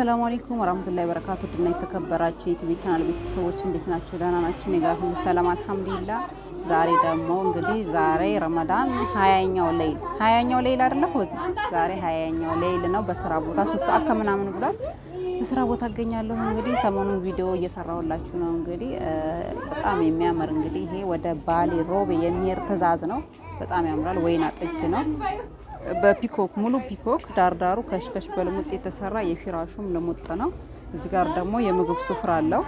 አሰላሙ አለይኩም ወራህመቱላሂ ወበረካቱ ድና የተከበራችሁ የዩቲዩብ ቻናል ቤተሰቦች እንዴት ናቸው? ደህና ናችሁ? እኔ ጋር ሁሉ ሰላም አልሐምዱሊላ። ዛሬ ደግሞ እንግዲህ ዛሬ ረመዳን ሀያኛው ሌይል ሀያኛው ሌይል አይደለ ሆዝ ዛሬ ሀያኛው ሌይል ነው። በስራ ቦታ ሶስት ሰዓት ከምናምን ብሏል። በስራ ቦታ እገኛለሁ። እንግዲህ ሰሞኑን ቪዲዮ እየሰራሁላችሁ ነው። እንግዲህ በጣም የሚያምር እንግዲህ ይሄ ወደ ባሌ ሮቤ የሚሄድ ትዕዛዝ ነው። በጣም ያምራል። ወይን አጥጅ ነው በፒኮክ ሙሉ ፒኮክ ዳርዳሩ ከሽከሽ በልሙጥ የተሰራ የፊራሹም ልሙጥ ነው። እዚህ ጋር ደግሞ የምግብ ስፍራ አለው።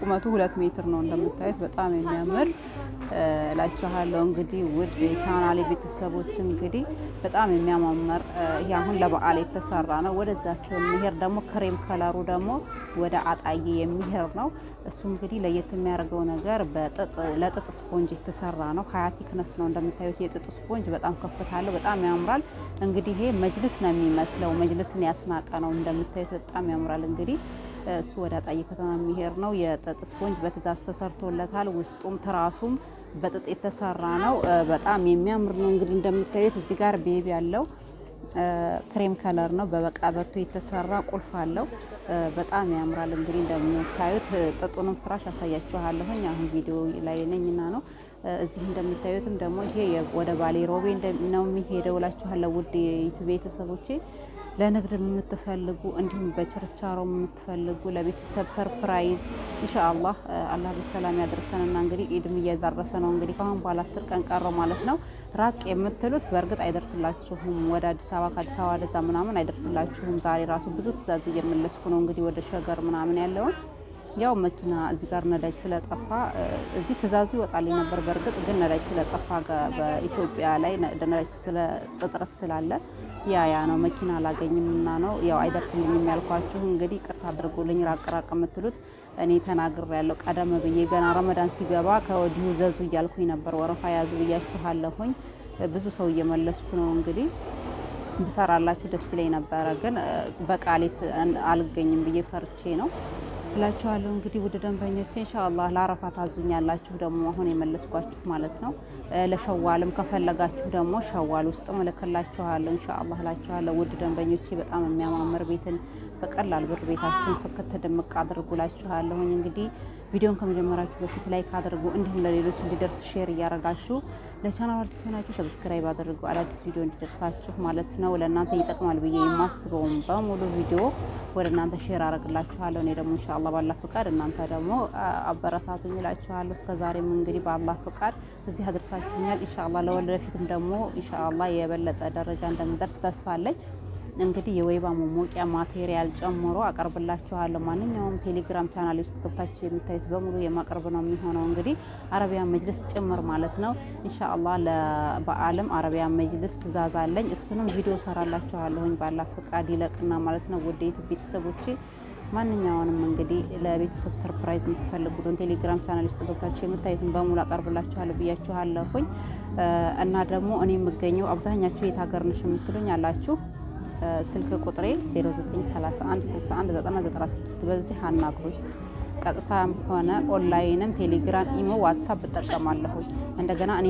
ቁመቱ ሁለት ሜትር ነው እንደምታዩት በጣም የሚያምር እላችኋለሁ። እንግዲህ ውድ የቻናሌ ቤተሰቦች እንግዲህ በጣም የሚያማምር ይሄ አሁን ለበዓል የተሰራ ነው። ወደዛ ስንሄድ ደግሞ ክሬም ከለሩ ደግሞ ወደ አጣዬ የሚሄድ ነው። እሱ እንግዲህ ለየት የሚያደርገው ነገር ለጥጥ ስፖንጅ የተሰራ ነው። ሀያ ቲክነስ ነው እንደምታዩት የጥጡ ስፖንጅ በጣም ከፍታ አለው። በጣም ያምራል። እንግዲህ ይሄ መጅልስ ነው የሚመስለው። መጅልስን ያስናቀ ነው እንደምታዩት በጣም ያምራል እንግዲህ እሱ ወደ አጣዬ ከተማ የሚሄድ ነው። የጥጥ ስፖንጅ በትእዛዝ ተሰርቶለታል። ውስጡም ትራሱም በጥጥ የተሰራ ነው። በጣም የሚያምር ነው። እንግዲህ እንደምታዩት እዚህ ጋር ቤቢ ያለው ክሬም ከለር ነው። በበቃ የተሰራ ቁልፍ አለው። በጣም ያምራል። እንግዲህ እንደምታዩት ጥጡንም ፍራሽ አሳያችኋለሁኝ። አሁን ቪዲዮ ላይ ነኝና ነው። እዚህ እንደምታዩትም ደግሞ ይሄ ወደ ባሌ ሮቤ ነው የሚሄደው። ላችኋለሁ ውድ ቤተሰቦቼ ለንግድ የምትፈልጉ እንዲሁም በችርቻሮ የምትፈልጉ ለቤተሰብ ሰርፕራይዝ ኢንሻአላህ አላህ በሰላም ያደርሰንና እንግዲህ ኢድም እየደረሰ ነው። እንግዲህ ከአሁን በኋላ አስር ቀን ቀረው ማለት ነው። ራቅ የምትሉት በእርግጥ አይደርስላችሁም። ወደ አዲስ አበባ ከአዲስ አበባ ወደዛ ምናምን አይደርስላችሁም። ዛሬ ራሱ ብዙ ትእዛዝ እየመለስኩ ነው እንግዲህ ወደ ሸገር ምናምን ያለውን ያው መኪና እዚህ ጋር ነዳጅ ስለጠፋ እዚህ ትእዛዙ ይወጣልኝ ነበር። በእርግጥ ግን ነዳጅ ስለጠፋ በኢትዮጵያ ላይ ነዳጅ ስለጥጥረት ስላለ ያ ያ ነው መኪና አላገኝም እና ነው ያው አይደርስልኝም ያልኳችሁ። እንግዲህ ቅርታ አድርጎልኝ ራቅራቅ የምትሉት እኔ ተናግር ያለው ቀደም ብዬ ገና ረመዳን ሲገባ ከወዲሁ ዘዙ እያልኩኝ ነበር። ወረፋ ያዙ ብያችኋለሁኝ። ብዙ ሰው እየመለስኩ ነው እንግዲህ ብሰራላችሁ ደስ ይለኝ ነበረ፣ ግን በቃሌ አልገኝም ብዬ ፈርቼ ነው ብላችኋለሁ። እንግዲህ ውድ ደንበኞቼ እንሻላ ለአረፋ ታዙኛላችሁ ደግሞ አሁን የመለስኳችሁ ማለት ነው። ለሸዋልም ከፈለጋችሁ ደግሞ ሸዋል ውስጥ እልክላችኋለሁ እንሻላ እላችኋለሁ። ውድ ደንበኞቼ በጣም የሚያማምር ቤትን በቀላል ብር ቤታችሁን ፍክት ድምቅ አድርጉላችኋለሁኝ። እንግዲህ ቪዲዮን ከመጀመራችሁ በፊት ላይክ አድርጉ፣ እንዲሁም ለሌሎች እንዲደርስ ሼር እያረጋችሁ ለቻናል አዲስ ሆናችሁ ሰብስክራይብ አድርጉ፣ አዳዲስ ቪዲዮ እንዲደርሳችሁ ማለት ነው። ለእናንተ ይጠቅማል ብዬ የማስበውን በሙሉ ቪዲዮ ወደ እናንተ ሼር አረግላችኋለሁ እኔ ደግሞ ኢንሻአላህ አላ ባላ ፍቃድ እናንተ ደግሞ አበረታቱኝ እላችኋለሁ። እስከ ዛሬም እንግዲህ በአላ ፍቃድ እዚህ አድርሳችሁኛል። ኢንሻአላ ለወደፊትም ደግሞ ኢንሻአላ የበለጠ ደረጃ እንደምደርስ ተስፋለኝ። እንግዲህ የወይባ መሞቂያ ማቴሪያል ጨምሮ አቀርብላችኋለሁ። ማንኛውም ቴሌግራም ቻናል ውስጥ ገብታችሁ የምታዩት በሙሉ የማቀርብ ነው የሚሆነው። እንግዲህ አረቢያ መጅልስ ጭምር ማለት ነው። ኢንሻአላህ ለበዓልም አረቢያ መጅልስ ትእዛዝ አለኝ። እሱንም ቪዲዮ ሰራላችኋለሁኝ ባላ ፍቃድ ይለቅና ማለት ነው። ወደ ዩቱብ ቤተሰቦቼ ማንኛውንም እንግዲህ ለቤተሰብ ሰርፕራይዝ የምትፈልጉትን ቴሌግራም ቻናል ውስጥ ገብታችሁ የምታዩትን በሙሉ አቀርብላችኋለሁ ብያችኋለሁኝ። እና ደግሞ እኔ የምገኘው አብዛኛችሁ የት ሀገር ነሽ የምትሉኝ አላችሁ ስልክ ቁጥሬ 0931619096 በዚህ አናግሩኝ። ቀጥታም ሆነ ኦንላይንም ቴሌግራም፣ ኢሞ፣ ዋትሳፕ እጠቀማለሁ። እንደገና እኔ